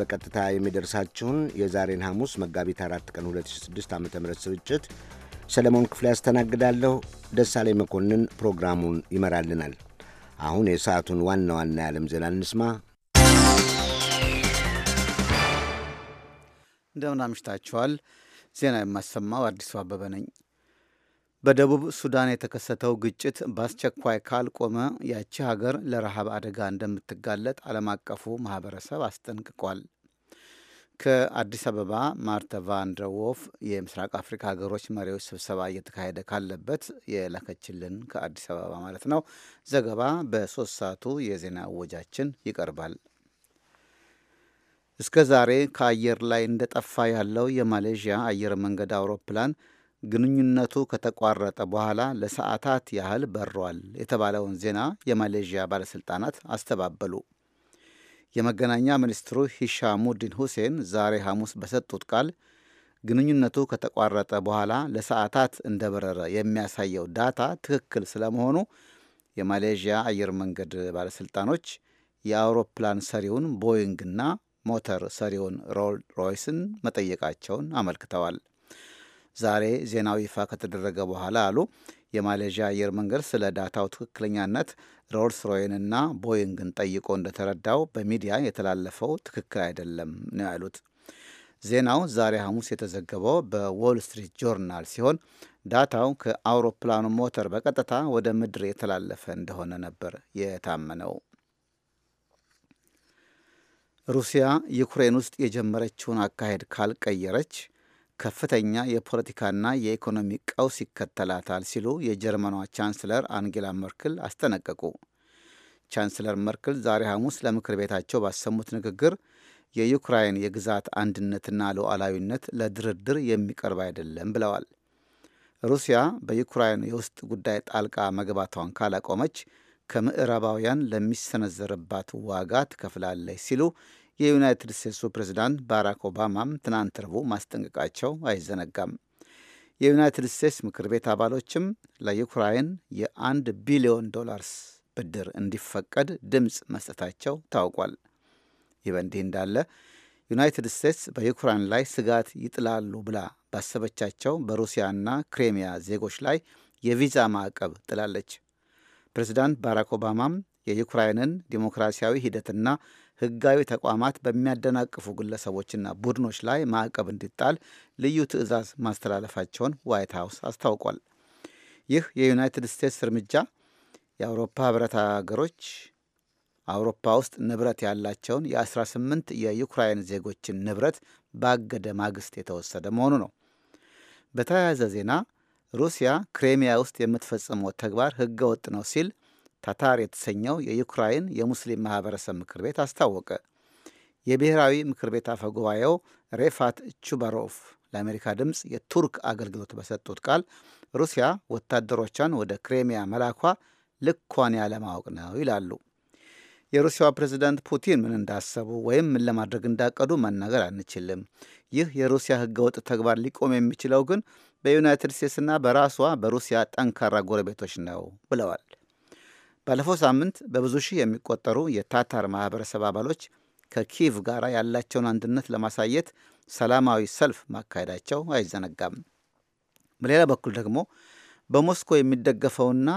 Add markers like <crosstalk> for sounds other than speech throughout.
በቀጥታ የሚደርሳችሁን የዛሬን ሐሙስ መጋቢት 4 ቀን 2006 ዓ ም ስርጭት ሰለሞን ክፍሌ ያስተናግዳለሁ። ደሳለኝ መኮንን ፕሮግራሙን ይመራልናል። አሁን የሰዓቱን ዋና ዋና የዓለም ዜና እንስማ። እንደምን አምሽታችኋል። ዜና የማሰማው አዲሱ አበበ ነኝ። በደቡብ ሱዳን የተከሰተው ግጭት በአስቸኳይ ካልቆመ ያቺ ሀገር ለረሃብ አደጋ እንደምትጋለጥ ዓለም አቀፉ ማህበረሰብ አስጠንቅቋል። ከአዲስ አበባ ማርተ ቫንደርዎፍ የምስራቅ አፍሪካ ሀገሮች መሪዎች ስብሰባ እየተካሄደ ካለበት የላከችልን ከአዲስ አበባ ማለት ነው ዘገባ በሶስት ሰዓቱ የዜና እወጃችን ይቀርባል። እስከ ዛሬ ከአየር ላይ እንደጠፋ ያለው የማሌዥያ አየር መንገድ አውሮፕላን ግንኙነቱ ከተቋረጠ በኋላ ለሰዓታት ያህል በሯል የተባለውን ዜና የማሌዥያ ባለሥልጣናት አስተባበሉ። የመገናኛ ሚኒስትሩ ሂሻሙዲን ሁሴን ዛሬ ሐሙስ በሰጡት ቃል ግንኙነቱ ከተቋረጠ በኋላ ለሰዓታት እንደበረረ የሚያሳየው ዳታ ትክክል ስለመሆኑ የማሌዥያ አየር መንገድ ባለሥልጣኖች የአውሮፕላን ሰሪውን ቦይንግና ሞተር ሰሪውን ሮል ሮይስን መጠየቃቸውን አመልክተዋል። ዛሬ ዜናው ይፋ ከተደረገ በኋላ አሉ የማሌዥያ አየር መንገድ ስለ ዳታው ትክክለኛነት ሮልስ ሮይንና ቦይንግን ጠይቆ እንደተረዳው በሚዲያ የተላለፈው ትክክል አይደለም ነው ያሉት። ዜናው ዛሬ ሐሙስ የተዘገበው በዎል ስትሪት ጆርናል ሲሆን ዳታው ከአውሮፕላኑ ሞተር በቀጥታ ወደ ምድር የተላለፈ እንደሆነ ነበር የታመነው። ሩሲያ ዩክሬን ውስጥ የጀመረችውን አካሄድ ካልቀየረች ከፍተኛ የፖለቲካና የኢኮኖሚ ቀውስ ይከተላታል ሲሉ የጀርመኗ ቻንስለር አንጌላ መርክል አስጠነቀቁ። ቻንስለር መርክል ዛሬ ሐሙስ ለምክር ቤታቸው ባሰሙት ንግግር የዩክራይን የግዛት አንድነትና ሉዓላዊነት ለድርድር የሚቀርብ አይደለም ብለዋል። ሩሲያ በዩክራይን የውስጥ ጉዳይ ጣልቃ መግባቷን ካላቆመች ከምዕራባውያን ለሚሰነዘርባት ዋጋ ትከፍላለች ሲሉ የዩናይትድ ስቴትሱ ፕሬዝዳንት ባራክ ኦባማም ትናንት ረቡዕ ማስጠንቀቃቸው አይዘነጋም። የዩናይትድ ስቴትስ ምክር ቤት አባሎችም ለዩክራይን የአንድ ቢሊዮን ዶላርስ ብድር እንዲፈቀድ ድምፅ መስጠታቸው ታውቋል። ይህ በእንዲህ እንዳለ ዩናይትድ ስቴትስ በዩክራይን ላይ ስጋት ይጥላሉ ብላ ባሰበቻቸው በሩሲያና ክሬሚያ ዜጎች ላይ የቪዛ ማዕቀብ ጥላለች። ፕሬዚዳንት ባራክ ኦባማም የዩክራይንን ዲሞክራሲያዊ ሂደትና ህጋዊ ተቋማት በሚያደናቅፉ ግለሰቦችና ቡድኖች ላይ ማዕቀብ እንዲጣል ልዩ ትዕዛዝ ማስተላለፋቸውን ዋይት ሀውስ አስታውቋል። ይህ የዩናይትድ ስቴትስ እርምጃ የአውሮፓ ህብረት ሀገሮች አውሮፓ ውስጥ ንብረት ያላቸውን የ18 የዩክራይን ዜጎችን ንብረት ባገደ ማግስት የተወሰደ መሆኑ ነው። በተያያዘ ዜና ሩሲያ ክሬሚያ ውስጥ የምትፈጽመው ተግባር ሕገ ወጥ ነው ሲል ታታር የተሰኘው የዩክራይን የሙስሊም ማህበረሰብ ምክር ቤት አስታወቀ። የብሔራዊ ምክር ቤት አፈ ጉባኤው ሬፋት ቹባሮቭ ለአሜሪካ ድምፅ የቱርክ አገልግሎት በሰጡት ቃል ሩሲያ ወታደሮቿን ወደ ክሬሚያ መላኳ ልኳን ያለማወቅ ነው ይላሉ። የሩሲያው ፕሬዝዳንት ፑቲን ምን እንዳሰቡ ወይም ምን ለማድረግ እንዳቀዱ መናገር አንችልም። ይህ የሩሲያ ህገወጥ ተግባር ሊቆም የሚችለው ግን በዩናይትድ ስቴትስና በራሷ በሩሲያ ጠንካራ ጎረቤቶች ነው ብለዋል። ባለፈው ሳምንት በብዙ ሺህ የሚቆጠሩ የታታር ማህበረሰብ አባሎች ከኪቭ ጋር ያላቸውን አንድነት ለማሳየት ሰላማዊ ሰልፍ ማካሄዳቸው አይዘነጋም። በሌላ በኩል ደግሞ በሞስኮ የሚደገፈውና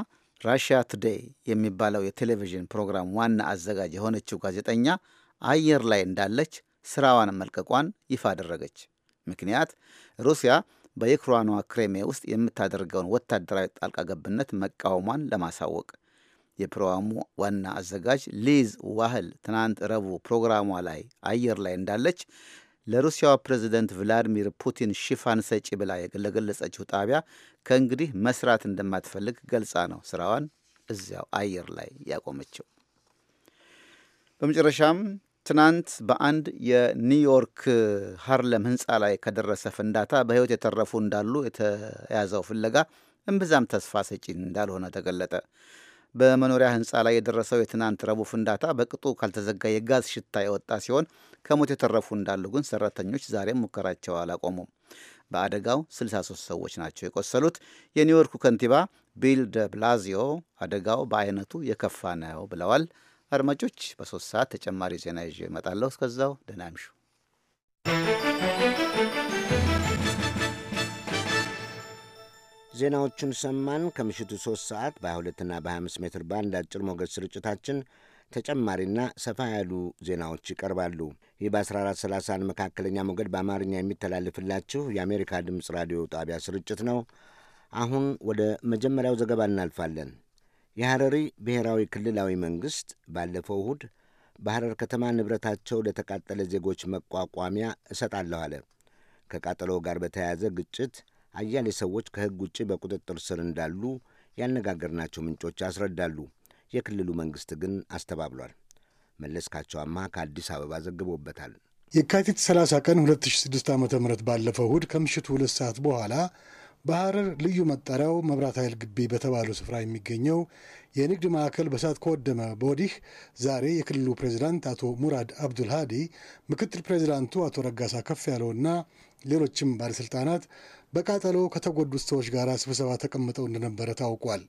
ራሽያ ቱዴይ የሚባለው የቴሌቪዥን ፕሮግራም ዋና አዘጋጅ የሆነችው ጋዜጠኛ አየር ላይ እንዳለች ስራዋን መልቀቋን ይፋ አደረገች። ምክንያት ሩሲያ በዩክሬኗ ክሬሜ ውስጥ የምታደርገውን ወታደራዊ ጣልቃ ገብነት መቃወሟን ለማሳወቅ የፕሮግራሙ ዋና አዘጋጅ ሊዝ ዋህል ትናንት ረቡ ፕሮግራሟ ላይ አየር ላይ እንዳለች ለሩሲያው ፕሬዚደንት ቭላዲሚር ፑቲን ሽፋን ሰጪ ብላ ለገለጸችው ጣቢያ ከእንግዲህ መስራት እንደማትፈልግ ገልጻ ነው ስራዋን እዚያው አየር ላይ ያቆመችው። በመጨረሻም ትናንት በአንድ የኒውዮርክ ሃርለም ህንፃ ላይ ከደረሰ ፍንዳታ በህይወት የተረፉ እንዳሉ የተያዘው ፍለጋ እምብዛም ተስፋ ሰጪ እንዳልሆነ ተገለጠ። በመኖሪያ ህንፃ ላይ የደረሰው የትናንት ረቡዕ ፍንዳታ በቅጡ ካልተዘጋ የጋዝ ሽታ የወጣ ሲሆን ከሞት የተረፉ እንዳሉ ግን ሰራተኞች ዛሬም ሙከራቸው አላቆሙም። በአደጋው 63 ሰዎች ናቸው የቆሰሉት። የኒውዮርኩ ከንቲባ ቢል ደ ብላዚዮ አደጋው በአይነቱ የከፋ ነው ብለዋል። አድማጮች፣ በሶስት ሰዓት ተጨማሪ ዜና ይዤ እመጣለሁ። እስከዛው ደህና እምሹ። ዜናዎቹን ሰማን። ከምሽቱ 3 ሰዓት በ22ና በ25 ሜትር ባንድ አጭር ሞገድ ስርጭታችን ተጨማሪና ሰፋ ያሉ ዜናዎች ይቀርባሉ። ይህ በ1430 መካከለኛ ሞገድ በአማርኛ የሚተላልፍላችሁ የአሜሪካ ድምፅ ራዲዮ ጣቢያ ስርጭት ነው። አሁን ወደ መጀመሪያው ዘገባ እናልፋለን። የሐረሪ ብሔራዊ ክልላዊ መንግሥት ባለፈው እሁድ በሐረር ከተማ ንብረታቸው ለተቃጠለ ዜጎች መቋቋሚያ እሰጣለሁ አለ። ከቃጠሎ ጋር በተያያዘ ግጭት አያሌ ሰዎች ከሕግ ውጭ በቁጥጥር ስር እንዳሉ ያነጋገርናቸው ምንጮች ያስረዳሉ። የክልሉ መንግሥት ግን አስተባብሏል። መለስካቸው አማ ከአዲስ አበባ ዘግቦበታል። የካቲት 30 ቀን 2006 ዓ ም ባለፈው እሁድ ከምሽቱ ሁለት ሰዓት በኋላ በሐረር ልዩ መጠሪያው መብራት ኃይል ግቢ በተባለው ስፍራ የሚገኘው የንግድ ማዕከል በሳት ከወደመ በወዲህ ዛሬ የክልሉ ፕሬዚዳንት አቶ ሙራድ አብዱል ሃዲ፣ ምክትል ፕሬዚዳንቱ አቶ ረጋሳ ከፍ ያለውና ሌሎችም ባለሥልጣናት በቃጠሎ ከተጎዱት ሰዎች ጋር ስብሰባ ተቀምጠው እንደነበረ ታውቋል።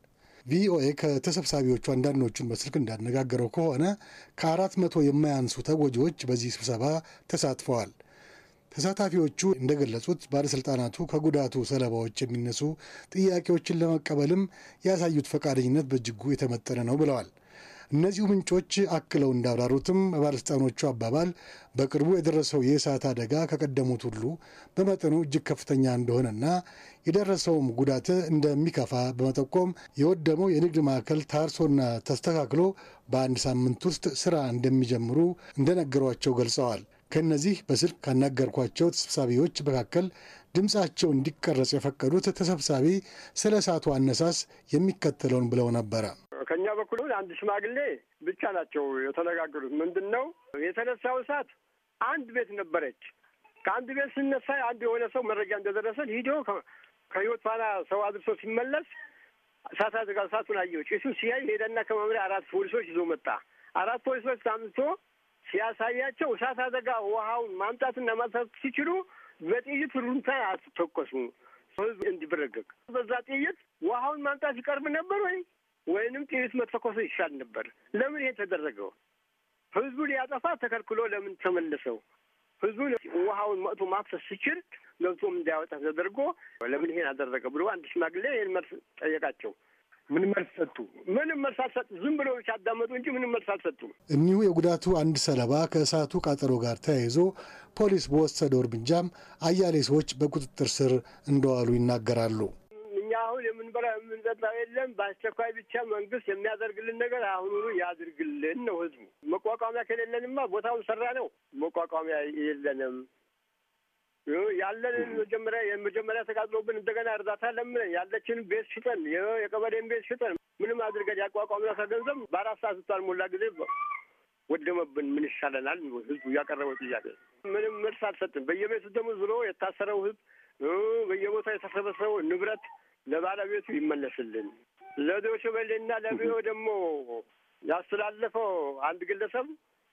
ቪኦኤ ከተሰብሳቢዎቹ አንዳንዶቹን በስልክ እንዳነጋገረው ከሆነ ከአራት መቶ የማያንሱ ተጎጂዎች በዚህ ስብሰባ ተሳትፈዋል። ተሳታፊዎቹ እንደገለጹት ባለሥልጣናቱ ከጉዳቱ ሰለባዎች የሚነሱ ጥያቄዎችን ለመቀበልም ያሳዩት ፈቃደኝነት በእጅጉ የተመጠነ ነው ብለዋል። እነዚሁ ምንጮች አክለው እንዳብራሩትም ባለሥልጣኖቹ አባባል በቅርቡ የደረሰው የእሳት አደጋ ከቀደሙት ሁሉ በመጠኑ እጅግ ከፍተኛ እንደሆነና የደረሰውም ጉዳት እንደሚከፋ በመጠቆም የወደመው የንግድ ማዕከል ታርሶና ተስተካክሎ በአንድ ሳምንት ውስጥ ስራ እንደሚጀምሩ እንደነገሯቸው ገልጸዋል። ከእነዚህ በስልክ ካናገርኳቸው ተሰብሳቢዎች መካከል ድምፃቸው እንዲቀረጽ የፈቀዱት ተሰብሳቢ ስለ እሳቱ አነሳስ የሚከተለውን ብለው ነበረ። ከእኛ በኩል አንድ ሽማግሌ ብቻ ናቸው የተነጋገሩት። ምንድን ነው የተነሳው እሳት አንድ ቤት ነበረች። ከአንድ ቤት ስነሳ አንድ የሆነ ሰው መረጃ እንደደረሰን ሂዶ ከህይወት ፋና ሰው አድርሶ ሲመለስ እሳት አደጋ እሳቱን አየው። ጭሱ ሲያይ ሄደና ከመምሪያ አራት ፖሊሶች ይዞ መጣ። አራት ፖሊሶች ታምቶ ሲያሳያቸው እሳት አደጋ ውሃውን ማምጣትና ማንሳት ሲችሉ በጥይት ሩምታ አትተኮሱ ህዝብ እንዲበረገግ በዛ ጥይት ውሃውን ማምጣት ይቀርብ ነበር ወይ ወይንም ጥይት መተኮስ ይሻል ነበር። ለምን ይሄ ተደረገው? ህዝቡ ሊያጠፋ ተከልክሎ ለምን ተመለሰው? ህዝቡ ውሃውን መጥቶ ማፍሰስ ሲችል ገብቶም እንዳያወጣ ተደርጎ ለምን ይሄን አደረገ ብሎ አንድ ሽማግሌ ይህን መልስ ጠየቃቸው። ምን መልስ ሰጡ? ምንም መልስ አልሰጡ። ዝም ብለው ብቻ አዳመጡ እንጂ ምንም መልስ አልሰጡ። እኒሁ የጉዳቱ አንድ ሰለባ ከእሳቱ ቃጠሎ ጋር ተያይዞ ፖሊስ በወሰደው እርምጃም አያሌ ሰዎች በቁጥጥር ስር እንደዋሉ ይናገራሉ። የሚጠጣው የለም። በአስቸኳይ ብቻ መንግስት የሚያደርግልን ነገር አሁኑኑ ያድርግልን ነው ህዝቡ። መቋቋሚያ ከሌለንማ ቦታውን ሰራ ነው። መቋቋሚያ የለንም። ያለንን መጀመሪያ የመጀመሪያ ተቃጥሎብን እንደገና እርዳታ ለምነን ያለችን ቤት ሽጠን የቀበሌን ቤት ሽጠን ምንም አድርገን ያቋቋምና ከገንዘብ በአራት ሰዓት ስታል ሞላ ጊዜ ወደመብን። ምን ይሻለናል? ህዝቡ ያቀረበው ጥያቄ ምንም መልስ አልሰጥም። በየቤቱ ደግሞ ዝሮ የታሰረው ህዝብ በየቦታው የተሰበሰበው ንብረት ለባለቤቱ ይመለስልን። ለዶይቼ ቬለና ለቢኦ ደግሞ ያስተላለፈው አንድ ግለሰብ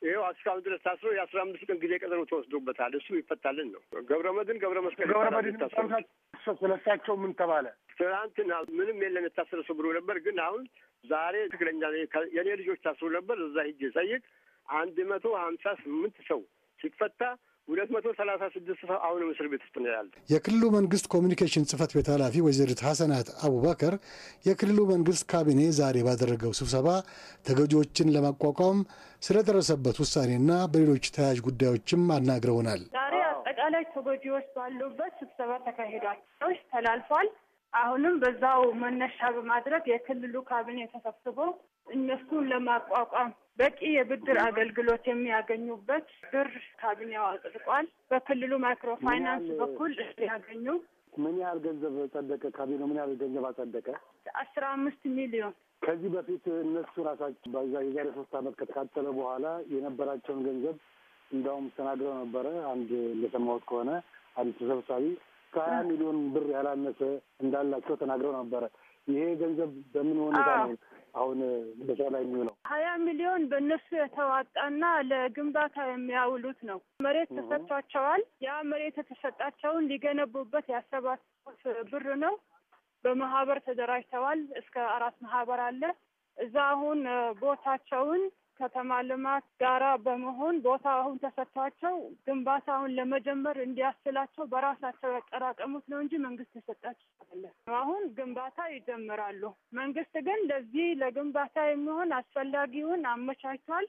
ይኸው እስካሁን ድረስ ታስሮ የአስራ አምስት ቀን ጊዜ ቀጠሮ ተወስዶበታል። እሱ ይፈታልን ነው። ገብረ መድን ገብረ መስቀል ገብረ መድን ስለሳቸው ምን ተባለ? ትናንትና ምንም የለን የታሰረ ሰው ብሎ ነበር። ግን አሁን ዛሬ ትክክለኛ የኔ ልጆች ታስሮ ነበር። እዛ ሂጅ ጠይቅ አንድ መቶ ሀምሳ ስምንት ሰው ሲፈታ ሁለት መቶ ሰላሳ ስድስት ሰው አሁንም እስር ቤት ውስጥ ነው ያለ። የክልሉ መንግስት ኮሚኒኬሽን ጽህፈት ቤት ኃላፊ ወይዘሪት ሐሰናት አቡበከር የክልሉ መንግስት ካቢኔ ዛሬ ባደረገው ስብሰባ ተጎጂዎችን ለማቋቋም ስለደረሰበት ውሳኔና በሌሎች ተያያዥ ጉዳዮችም አናግረውናል። ዛሬ አጠቃላይ ተጎጂዎች ባሉበት ስብሰባ ተካሂዷል፣ ተላልፏል። አሁንም በዛው መነሻ በማድረግ የክልሉ ካቢኔ ተሰብስቦ እነሱን ለማቋቋም በቂ የብድር አገልግሎት የሚያገኙበት ብር ካቢኔው አጽድቋል። በክልሉ ማይክሮ ፋይናንስ በኩል ያገኙ ምን ያህል ገንዘብ ጸደቀ? ካቢኔው ምን ያህል ገንዘብ አጸደቀ? አስራ አምስት ሚሊዮን ከዚህ በፊት እነሱ ራሳቸው የዛሬ ሶስት አመት ከተካተለ በኋላ የነበራቸውን ገንዘብ እንዳውም ተናግረው ነበረ። አንድ እንደሰማሁት ከሆነ አንድ ተሰብሳቢ ከሀያ ሚሊዮን ብር ያላነሰ እንዳላቸው ተናግረው ነበረ። ይሄ ገንዘብ በምን ሁኔታ ነው አሁን በዛ ላይ የሚውለው? ሀያ ሚሊዮን በእነሱ የተዋጣና ለግንባታ የሚያውሉት ነው። መሬት ተሰጥቷቸዋል። ያ መሬት የተሰጣቸውን ሊገነቡበት ያሰባሰቡት ብር ነው። በማህበር ተደራጅተዋል። እስከ አራት ማህበር አለ። እዛ አሁን ቦታቸውን ከተማ ልማት ጋራ በመሆን ቦታ አሁን ተሰጥቷቸው ግንባታውን ለመጀመር እንዲያስችላቸው በራሳቸው ያጠራቀሙት ነው እንጂ መንግስት የሰጣቸው አለ። አሁን ግንባታ ይጀምራሉ። መንግስት ግን ለዚህ ለግንባታ የሚሆን አስፈላጊውን አመቻችቷል፣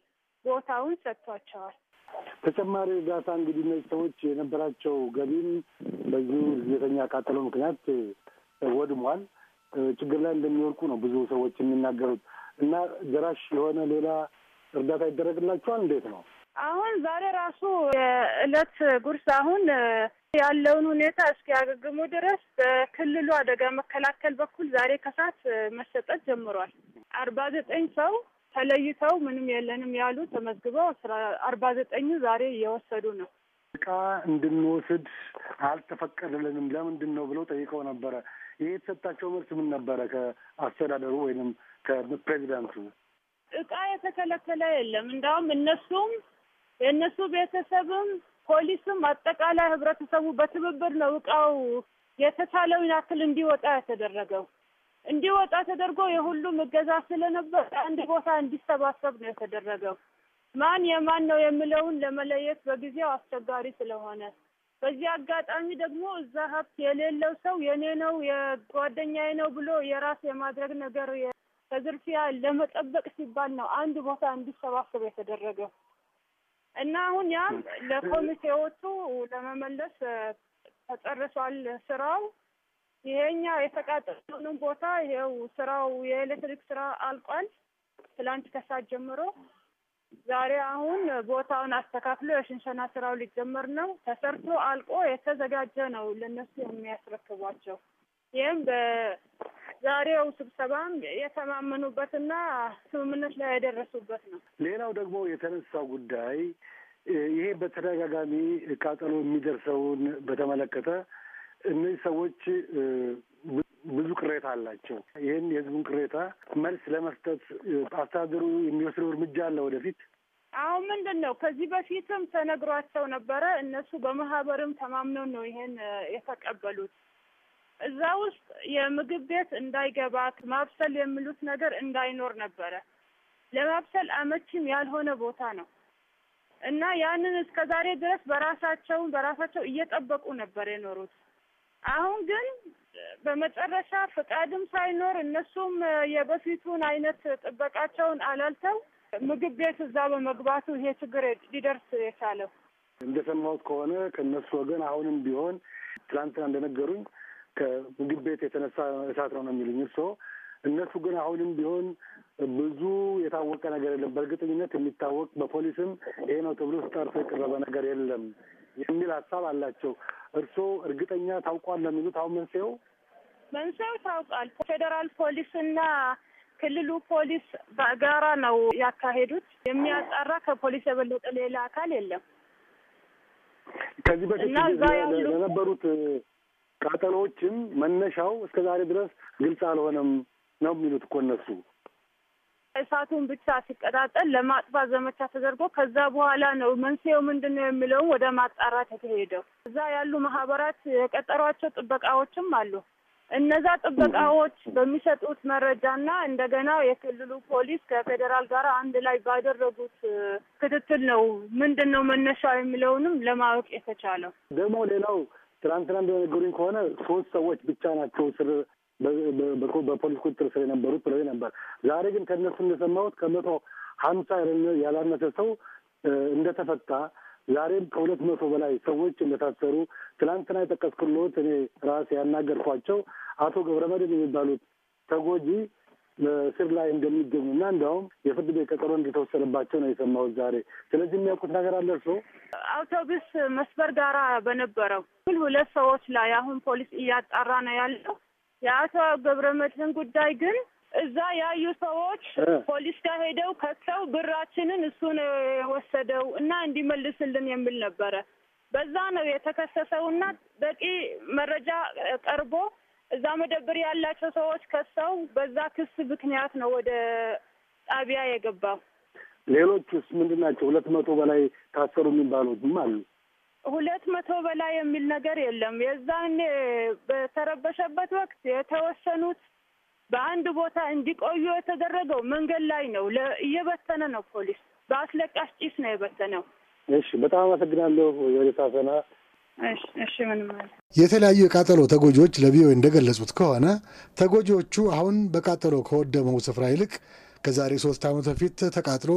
ቦታውን ሰጥቷቸዋል። ተጨማሪ እርዳታ እንግዲህ እነዚህ ሰዎች የነበራቸው ገቢም በዚሁ ዝተኛ ቃጠለው ምክንያት ወድሟል። ችግር ላይ እንደሚወርቁ ነው ብዙ ሰዎች የሚናገሩት እና ደራሽ የሆነ ሌላ እርዳታ ይደረግላቸዋል? እንዴት ነው? አሁን ዛሬ ራሱ የእለት ጉርስ አሁን ያለውን ሁኔታ እስኪያገግሙ ድረስ በክልሉ አደጋ መከላከል በኩል ዛሬ ከሰዓት መሰጠት ጀምሯል። አርባ ዘጠኝ ሰው ተለይተው ምንም የለንም ያሉ ተመዝግበው አርባ ዘጠኙ ዛሬ እየወሰዱ ነው። እቃ እንድንወስድ አልተፈቀደልንም ለምንድን ነው ብለው ጠይቀው ነበረ። ይህ የተሰጣቸው መልስ ምን ነበረ? ከአስተዳደሩ ወይንም ከፕሬዚዳንቱ እቃ የተከለከለ የለም። እንዳውም እነሱም የእነሱ ቤተሰብም ፖሊስም አጠቃላይ ህብረተሰቡ በትብብር ነው እቃው የተቻለውን ያክል እንዲወጣ የተደረገው። እንዲወጣ ተደርጎ የሁሉም እገዛ ስለነበር አንድ ቦታ እንዲሰባሰብ ነው የተደረገው። ማን የማን ነው የሚለውን ለመለየት በጊዜው አስቸጋሪ ስለሆነ በዚህ አጋጣሚ ደግሞ እዛ ሀብት የሌለው ሰው የኔ ነው የጓደኛዬ ነው ብሎ የራስ የማድረግ ነገር ከዝርፊያ ለመጠበቅ ሲባል ነው አንድ ቦታ እንዲሰባሰብ የተደረገው እና አሁን ያም ለኮሚቴዎቹ ለመመለስ ተጨርሷል ስራው። ይሄኛ የተቃጠለውንም ቦታ ይሄው ስራው የኤሌክትሪክ ስራ አልቋል። ትላንት ከሳት ጀምሮ ዛሬ አሁን ቦታውን አስተካክሎ የሽንሸና ስራው ሊጀመር ነው። ተሰርቶ አልቆ የተዘጋጀ ነው ለነሱ የሚያስረክቧቸው። ይህም ዛሬው ስብሰባም የተማመኑበትና ስምምነት ላይ የደረሱበት ነው። ሌላው ደግሞ የተነሳው ጉዳይ ይሄ በተደጋጋሚ ቃጠሎ የሚደርሰውን በተመለከተ እነዚህ ሰዎች ብዙ ቅሬታ አላቸው። ይህን የህዝቡን ቅሬታ መልስ ለመስጠት አስተዳደሩ የሚወስደው እርምጃ አለ ወደፊት አሁን ምንድን ነው? ከዚህ በፊትም ተነግሯቸው ነበረ። እነሱ በማህበርም ተማምነው ነው ይሄን የተቀበሉት። እዛ ውስጥ የምግብ ቤት እንዳይገባ ማብሰል የሚሉት ነገር እንዳይኖር ነበረ። ለማብሰል አመቺም ያልሆነ ቦታ ነው እና ያንን እስከ ዛሬ ድረስ በራሳቸው በራሳቸው እየጠበቁ ነበር የኖሩት። አሁን ግን በመጨረሻ ፍቃድም ሳይኖር እነሱም የበፊቱን አይነት ጥበቃቸውን አላልተው ምግብ ቤት እዛ በመግባቱ ይሄ ችግር ሊደርስ የቻለው እንደሰማሁት ከሆነ ከእነሱ ወገን አሁንም ቢሆን ትላንትና እንደነገሩኝ ከምግብ ቤት የተነሳ እሳት ነው ነው የሚሉኝ እርስዎ። እነሱ ግን አሁንም ቢሆን ብዙ የታወቀ ነገር የለም፣ በእርግጠኝነት የሚታወቅ በፖሊስም ይሄ ነው ተብሎ ስጠርቶ የቀረበ ነገር የለም የሚል ሀሳብ አላቸው። እርስዎ እርግጠኛ ታውቋል ለሚሉት አሁን መንስኤው መንስኤው ታውቋል። ፌዴራል ፖሊስና ክልሉ ፖሊስ በጋራ ነው ያካሄዱት። የሚያጣራ ከፖሊስ የበለጠ ሌላ አካል የለም። ከዚህ በፊት ለነበሩት ቃጠሎዎችም መነሻው እስከ ዛሬ ድረስ ግልጽ አልሆነም ነው የሚሉት እኮ እነሱ። እሳቱን ብቻ ሲቀጣጠል ለማጥፋት ዘመቻ ተደርጎ ከዛ በኋላ ነው መንስኤው ምንድን ነው የሚለውን ወደ ማጣራት የተሄደው። እዛ ያሉ ማህበራት የቀጠሯቸው ጥበቃዎችም አሉ። እነዛ ጥበቃዎች በሚሰጡት መረጃና እንደገና የክልሉ ፖሊስ ከፌዴራል ጋር አንድ ላይ ባደረጉት ክትትል ነው ምንድን ነው መነሻ የሚለውንም ለማወቅ የተቻለው። ደግሞ ሌላው ትናንትና እንደነገሩኝ ከሆነ ሶስት ሰዎች ብቻ ናቸው ስር በፖሊስ ቁጥጥር ስር የነበሩት ብለው ነበር። ዛሬ ግን ከእነሱ እንደሰማሁት ከመቶ ሀምሳ ያላነሰ ሰው እንደተፈታ ዛሬም ከሁለት መቶ በላይ ሰዎች እንደታሰሩ ትናንትና የጠቀስኩልዎት እኔ ራሴ ያናገርኳቸው አቶ ገብረመድን የሚባሉት ተጎጂ ስር ላይ እንደሚገኙ እና እንዲያውም የፍርድ ቤት ቀጠሮ እንደተወሰነባቸው ነው የሰማሁት ዛሬ። ስለዚህ የሚያውቁት ነገር አለ እርስዎ? አውቶቡስ መስበር ጋራ በነበረው ሁል ሁለት ሰዎች ላይ አሁን ፖሊስ እያጣራ ነው ያለው። የአቶ ገብረመድህን ጉዳይ ግን እዛ ያዩ ሰዎች ፖሊስ ጋር ሄደው ከሰው ብራችንን እሱ ነው የወሰደው እና እንዲመልስልን የሚል ነበረ። በዛ ነው እና በቂ መረጃ ቀርቦ እዛ መደብር ያላቸው ሰዎች ከሰው በዛ ክስ ምክንያት ነው ወደ ጣቢያ የገባው። ሌሎቹስ ምንድን ናቸው? ሁለት መቶ በላይ ታሰሩ የሚባሉትም አሉ። ሁለት መቶ በላይ የሚል ነገር የለም። የዛኔ በተረበሸበት ወቅት የተወሰኑት በአንድ ቦታ እንዲቆዩ የተደረገው መንገድ ላይ ነው። እየበተነ ነው ፖሊስ፣ በአስለቃሽ ጭስ ነው የበተነው። እሺ፣ በጣም አመሰግናለሁ ወደ እሺ ምንም የተለያዩ የቃጠሎ ተጎጂዎች ለቪኦኤ እንደገለጹት ከሆነ ተጎጂዎቹ አሁን በቃጠሎ ከወደመው ስፍራ ይልቅ ከዛሬ ሶስት ዓመት በፊት ተቃጥሎ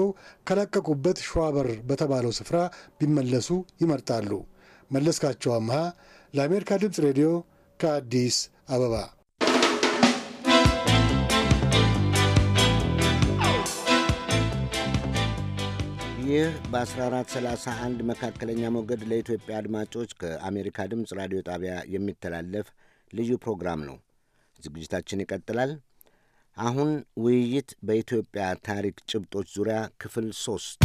ከለቀቁበት ሸዋበር በተባለው ስፍራ ቢመለሱ ይመርጣሉ። መለስካቸው አምሃ ለአሜሪካ ድምፅ ሬዲዮ ከአዲስ አበባ ይህ በ1431 መካከለኛ ሞገድ ለኢትዮጵያ አድማጮች ከአሜሪካ ድምፅ ራዲዮ ጣቢያ የሚተላለፍ ልዩ ፕሮግራም ነው። ዝግጅታችን ይቀጥላል። አሁን ውይይት በኢትዮጵያ ታሪክ ጭብጦች ዙሪያ ክፍል ሶስት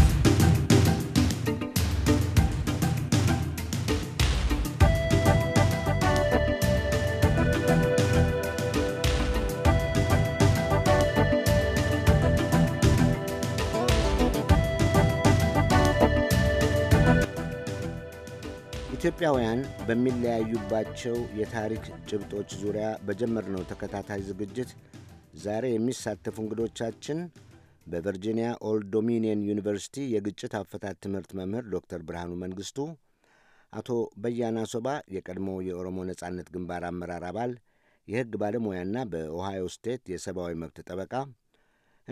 ኢትዮጵያውያን በሚለያዩባቸው የታሪክ ጭብጦች ዙሪያ በጀመርነው ተከታታይ ዝግጅት ዛሬ የሚሳተፉ እንግዶቻችን በቨርጂኒያ ኦልድ ዶሚኒየን ዩኒቨርሲቲ የግጭት አፈታት ትምህርት መምህር ዶክተር ብርሃኑ መንግስቱ፣ አቶ በያና ሶባ የቀድሞ የኦሮሞ ነጻነት ግንባር አመራር አባል የሕግ ባለሙያና በኦሃዮ ስቴት የሰብአዊ መብት ጠበቃ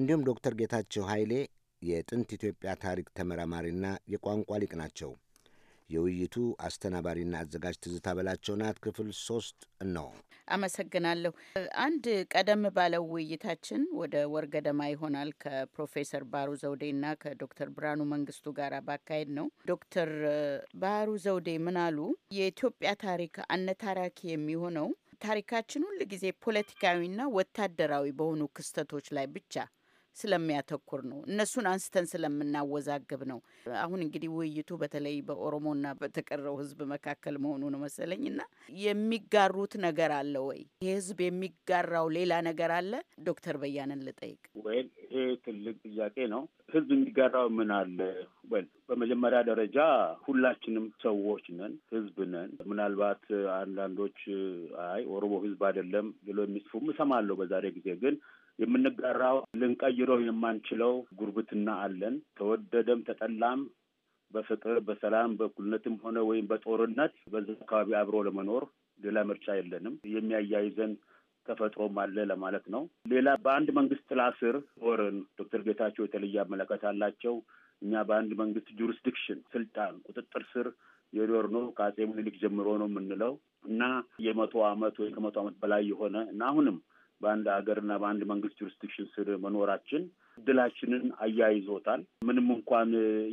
እንዲሁም ዶክተር ጌታቸው ኃይሌ የጥንት ኢትዮጵያ ታሪክ ተመራማሪና የቋንቋ ሊቅ ናቸው። የውይይቱ አስተናባሪና አዘጋጅ ትዝታ በላቸው ናት። ክፍል ሶስት ነው። አመሰግናለሁ። አንድ ቀደም ባለው ውይይታችን ወደ ወር ገደማ ይሆናል ከፕሮፌሰር ባህሩ ዘውዴና ከዶክተር ብርሃኑ መንግስቱ ጋር ባካሄድ ነው። ዶክተር ባህሩ ዘውዴ ምን አሉ? የኢትዮጵያ ታሪክ አነታራኪ የሚሆነው ታሪካችን ሁል ጊዜ ፖለቲካዊና ወታደራዊ በሆኑ ክስተቶች ላይ ብቻ ስለሚያተኩር ነው። እነሱን አንስተን ስለምናወዛግብ ነው። አሁን እንግዲህ ውይይቱ በተለይ በኦሮሞና በተቀረው ሕዝብ መካከል መሆኑ ነው መሰለኝ እና የሚጋሩት ነገር አለ ወይ? ይህ ሕዝብ የሚጋራው ሌላ ነገር አለ? ዶክተር በያነን ልጠይቅ ወይ? ይሄ ትልቅ ጥያቄ ነው። ሕዝብ የሚጋራው ምን አለ ወይ? በመጀመሪያ ደረጃ ሁላችንም ሰዎች ነን፣ ህዝብ ነን። ምናልባት አንዳንዶች አይ ኦሮሞ ህዝብ አይደለም ብሎ የሚጽፉም እሰማለሁ። በዛሬ ጊዜ ግን የምንጋራው ልንቀይረው የማንችለው ጉርብትና አለን። ተወደደም ተጠላም በፍቅር በሰላም በእኩልነትም ሆነ ወይም በጦርነት በዛ አካባቢ አብሮ ለመኖር ሌላ ምርጫ የለንም። የሚያያይዘን ተፈጥሮም አለ ለማለት ነው። ሌላ በአንድ መንግስት ጥላ ስር ዶክተር ጌታቸው የተለየ አመለካከት አላቸው። እኛ በአንድ መንግስት ጁሪስዲክሽን ስልጣን ቁጥጥር ስር የኖር ነው ከአጼ ምኒልክ ጀምሮ ነው የምንለው እና የመቶ አመት ወይ ከመቶ አመት በላይ የሆነ እና አሁንም በአንድ ሀገርና በአንድ መንግስት ጁሪስዲክሽን ስር መኖራችን እድላችንን አያይዞታል። ምንም እንኳን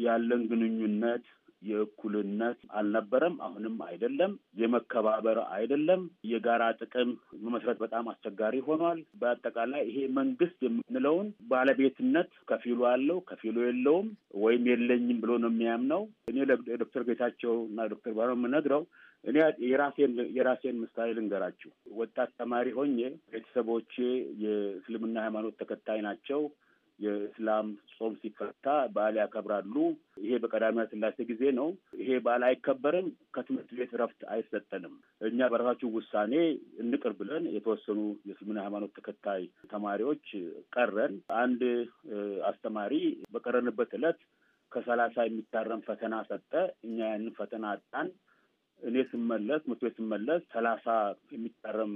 ያለን ግንኙነት የእኩልነት አልነበረም፣ አሁንም አይደለም። የመከባበር አይደለም። የጋራ ጥቅም መመስረት በጣም አስቸጋሪ ሆኗል። በአጠቃላይ ይሄ መንግስት የምንለውን ባለቤትነት ከፊሉ አለው፣ ከፊሉ የለውም ወይም የለኝም ብሎ ነው የሚያምነው። እኔ ለዶክተር ጌታቸው እና ዶክተር ባሮ የምነግረው እኔ የራሴን የራሴን ምሳሌ ልንገራችሁ። ወጣት ተማሪ ሆኜ ቤተሰቦቼ የእስልምና ሃይማኖት ተከታይ ናቸው። የእስላም ጾም ሲፈታ በዓል ያከብራሉ። ይሄ በቀዳማዊ ስላሴ ጊዜ ነው። ይሄ በዓል አይከበርም፣ ከትምህርት ቤት እረፍት አይሰጠንም። እኛ በራሳችሁ ውሳኔ እንቅር ብለን የተወሰኑ የእስልምና ሃይማኖት ተከታይ ተማሪዎች ቀረን። አንድ አስተማሪ በቀረንበት ዕለት ከሰላሳ የሚታረም ፈተና ሰጠ። እኛ ያንን ፈተና አጣን። እኔ ስመለስ፣ ምርት ቤት ስመለስ ሰላሳ የሚታረም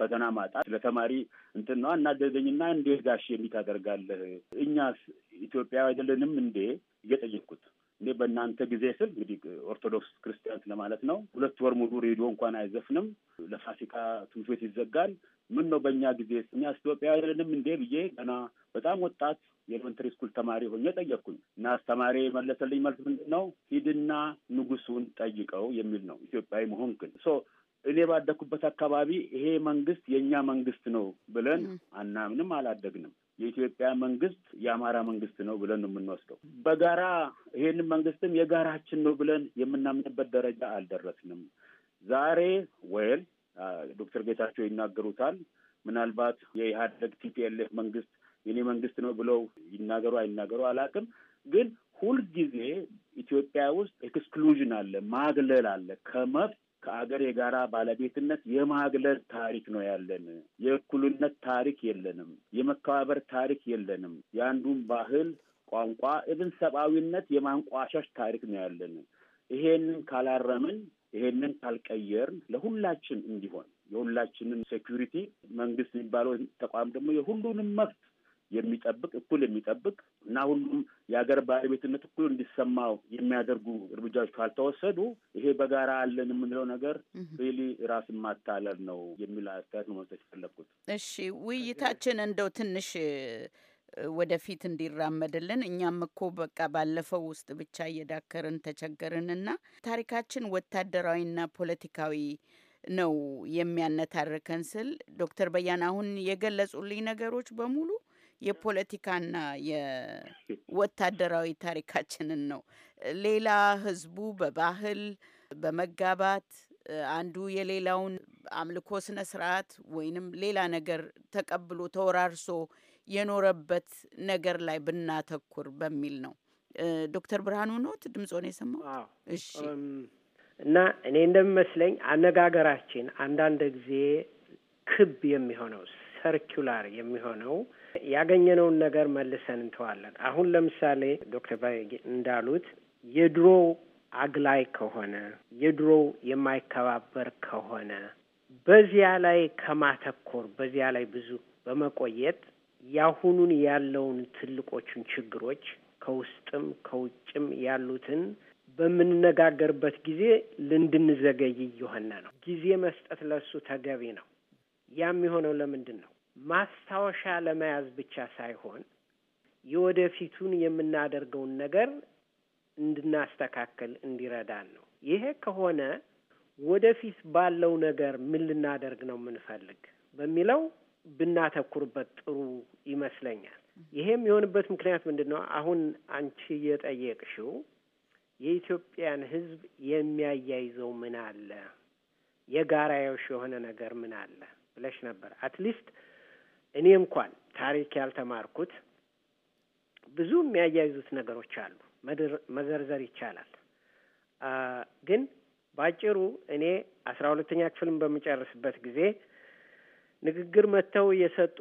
ፈተና ማጣት ለተማሪ እንትን ነው እናደደኝና እንዴ ጋሽ የሚታደርጋለህ እኛስ ኢትዮጵያዊ አይደለንም እንዴ እየጠየቅኩት እኔ በእናንተ ጊዜ ስል እንግዲህ ኦርቶዶክስ ክርስቲያን ስለማለት ነው። ሁለት ወር ሙሉ ሬዲዮ እንኳን አይዘፍንም። ለፋሲካ ትምህርት ቤት ይዘጋል። ምን ነው በእኛ ጊዜ እኛስ ኢትዮጵያዊ አይደለንም እንዴ ብዬ ገና በጣም ወጣት የኤሌመንተሪ ስኩል ተማሪ ሆኜ ጠየቅኩኝ እና አስተማሪ መለሰልኝ መልስ ምንድን ነው? ሂድና ንጉሱን ጠይቀው የሚል ነው። ኢትዮጵያዊ መሆን መሆንክን እኔ ባደግኩበት አካባቢ ይሄ መንግስት የእኛ መንግስት ነው ብለን አናምንም፣ አላደግንም። የኢትዮጵያ መንግስት የአማራ መንግስት ነው ብለን ነው የምንወስደው። በጋራ ይሄንን መንግስትም የጋራችን ነው ብለን የምናምንበት ደረጃ አልደረስንም። ዛሬ ወይል ዶክተር ጌታቸው ይናገሩታል። ምናልባት የኢህአደግ ቲፒኤልኤፍ መንግስት የኔ መንግስት ነው ብለው ይናገሩ አይናገሩ አላውቅም። ግን ሁልጊዜ ኢትዮጵያ ውስጥ ኤክስክሉዥን አለ፣ ማግለል አለ ከመብት ከአገር የጋራ ባለቤትነት የማግለል ታሪክ ነው ያለን። የእኩልነት ታሪክ የለንም። የመከባበር ታሪክ የለንም። የአንዱን ባህል፣ ቋንቋ፣ እብን ሰብአዊነት የማንቋሻሽ ታሪክ ነው ያለን። ይሄንን ካላረምን፣ ይሄንን ካልቀየርን ለሁላችን እንዲሆን የሁላችንን ሴኩሪቲ መንግስት የሚባለው ተቋም ደግሞ የሁሉንም መብት የሚጠብቅ እኩል የሚጠብቅ እና ሁሉም የሀገር ባለቤትነት እኩል እንዲሰማው የሚያደርጉ እርምጃዎች ካልተወሰዱ ይሄ በጋራ አለን የምንለው ነገር ሪሊ ራስን ማታለል ነው የሚል አስተያየት ነው መስጠት የፈለግኩት። እሺ፣ ውይይታችን እንደው ትንሽ ወደፊት እንዲራመድልን እኛም እኮ በቃ ባለፈው ውስጥ ብቻ እየዳከርን ተቸገርንና ታሪካችን ወታደራዊና ፖለቲካዊ ነው የሚያነታርከን ስል ዶክተር በያን አሁን የገለጹልኝ ነገሮች በሙሉ የፖለቲካና <laughs> የወታደራዊ ታሪካችንን ነው። ሌላ ህዝቡ በባህል በመጋባት አንዱ የሌላውን አምልኮ ስነ ስርዓት ወይንም ሌላ ነገር ተቀብሎ ተወራርሶ የኖረበት ነገር ላይ ብናተኩር በሚል ነው። ዶክተር ብርሃኑ ኖት ነው የሰማው። እሺ። እና እኔ እንደሚመስለኝ አነጋገራችን አንዳንድ ጊዜ ክብ የሚሆነው ሰርኪላር የሚሆነው ያገኘነውን ነገር መልሰን እንተዋለን። አሁን ለምሳሌ ዶክተር ባይ እንዳሉት የድሮ አግላይ ከሆነ የድሮ የማይከባበር ከሆነ በዚያ ላይ ከማተኮር በዚያ ላይ ብዙ በመቆየት ያሁኑን ያለውን ትልቆቹን ችግሮች ከውስጥም ከውጭም ያሉትን በምንነጋገርበት ጊዜ ልንድንዘገይ እየሆነ ነው። ጊዜ መስጠት ለሱ ተገቢ ነው። ያም የሆነው ለምንድን ነው? ማስታወሻ ለመያዝ ብቻ ሳይሆን የወደፊቱን የምናደርገውን ነገር እንድናስተካከል እንዲረዳን ነው። ይሄ ከሆነ ወደፊት ባለው ነገር ምን ልናደርግ ነው የምንፈልግ በሚለው ብናተኩርበት ጥሩ ይመስለኛል። ይሄም የሆንበት ምክንያት ምንድን ነው? አሁን አንቺ የጠየቅሽው የኢትዮጵያን ሕዝብ የሚያያይዘው ምን አለ፣ የጋራዮሽ የሆነ ነገር ምን አለ ብለሽ ነበር። አትሊስት እኔ እንኳን ታሪክ ያልተማርኩት ብዙ የሚያያይዙት ነገሮች አሉ፣ መዘርዘር ይቻላል። ግን ባጭሩ እኔ አስራ ሁለተኛ ክፍልን በምጨርስበት ጊዜ ንግግር መጥተው የሰጡ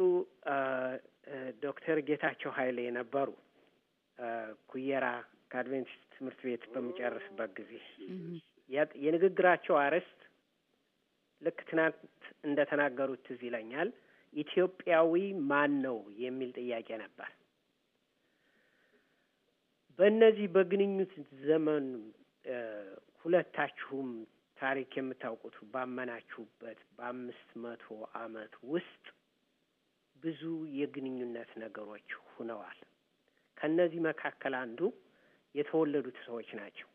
ዶክተር ጌታቸው ኃይሌ ነበሩ። ኩየራ ከአድቬንቲስት ትምህርት ቤት በምጨርስበት ጊዜ የንግግራቸው አርዕስት ልክ ትናንት እንደተናገሩት ትዝ ይለኛል ኢትዮጵያዊ ማን ነው የሚል ጥያቄ ነበር። በእነዚህ በግንኙት ዘመን ሁለታችሁም ታሪክ የምታውቁት ባመናችሁበት በአምስት መቶ አመት ውስጥ ብዙ የግንኙነት ነገሮች ሁነዋል። ከእነዚህ መካከል አንዱ የተወለዱት ሰዎች ናቸው።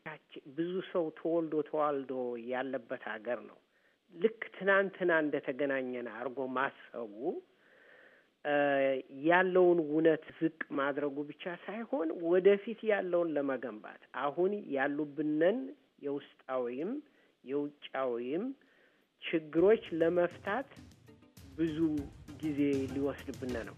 ብዙ ሰው ተወልዶ ተዋልዶ ያለበት ሀገር ነው። ልክ ትናንትና እንደተገናኘን አድርጎ ማሰቡ ያለውን እውነት ዝቅ ማድረጉ ብቻ ሳይሆን ወደፊት ያለውን ለመገንባት አሁን ያሉብንን የውስጣዊም የውጫዊም ችግሮች ለመፍታት ብዙ ጊዜ ሊወስድብን ነው።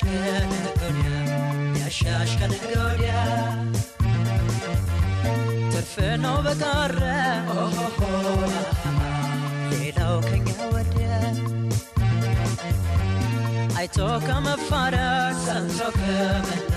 I talk, I'm a father, son, so come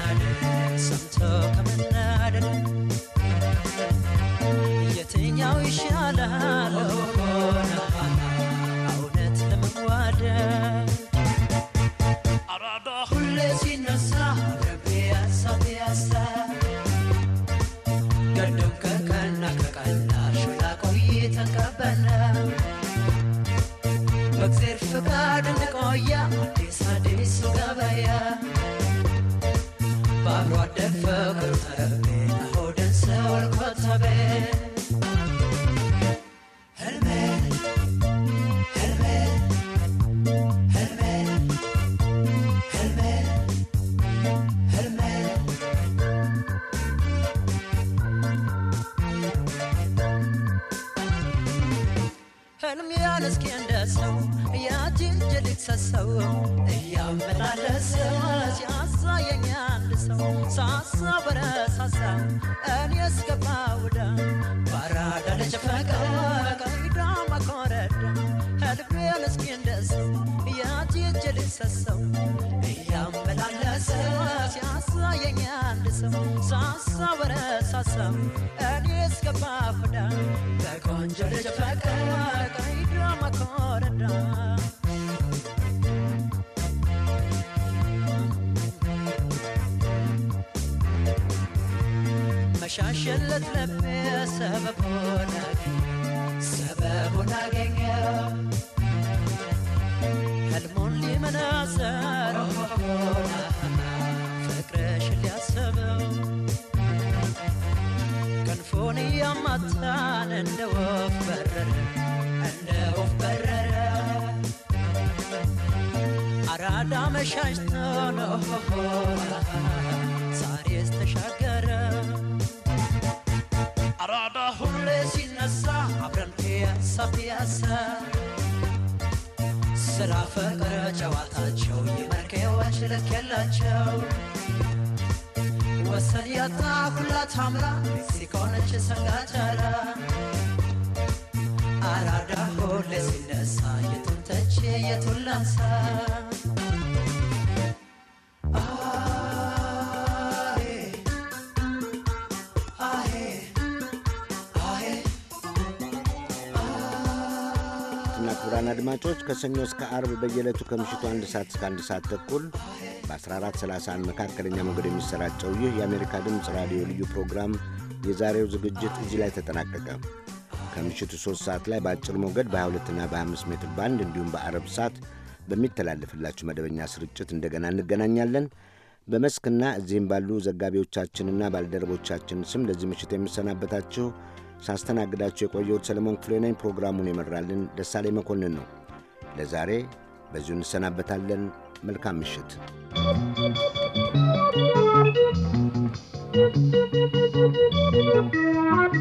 saber ተሻሸለት ልቤ ሰበቡን አገኘ ሰበቡን አገኘ ህልሙን ሊመናዘር ፍቅርሽ ሊያስበው ክንፉን እያማታን እንደ ወፍ በረረ እንደ ወፍ በረረ አራዳ መሻሽቶ ነው ዛሬስ ተሻገረ የተነሳ አብረን ፒያሳ ፒያሳ ስራ ፍቅር ጨዋታቸው የመርከዎች ልክ የላቸው ወሰን ያጣ ሁላ ታምራ ሜክሲኮ ነች ሰንጋተራ አራዳ ሁሌ ሲነሳ የቱን ተቼ የቱን ላንሳ አድማጮች ከሰኞ እስከ አርብ በየዕለቱ ከምሽቱ አንድ ሰዓት እስከ አንድ ሰዓት ተኩል በ1431 መካከለኛ ሞገድ የሚሰራጨው ይህ የአሜሪካ ድምፅ ራዲዮ ልዩ ፕሮግራም የዛሬው ዝግጅት እዚህ ላይ ተጠናቀቀ። ከምሽቱ 3 ሰዓት ላይ በአጭር ሞገድ በ22ና በ25 ሜትር ባንድ እንዲሁም በአረብ ሰዓት በሚተላለፍላችሁ መደበኛ ስርጭት እንደገና እንገናኛለን። በመስክና እዚህም ባሉ ዘጋቢዎቻችንና ባልደረቦቻችን ስም ለዚህ ምሽት የምሰናበታችሁ ሳስተናግዳቸው የቆየሁት ሰለሞን ክፍሌ ነኝ። ፕሮግራሙን የመራልን ደሳሌ መኮንን ነው። ለዛሬ በዚሁ እንሰናበታለን። መልካም ምሽት። Thank you.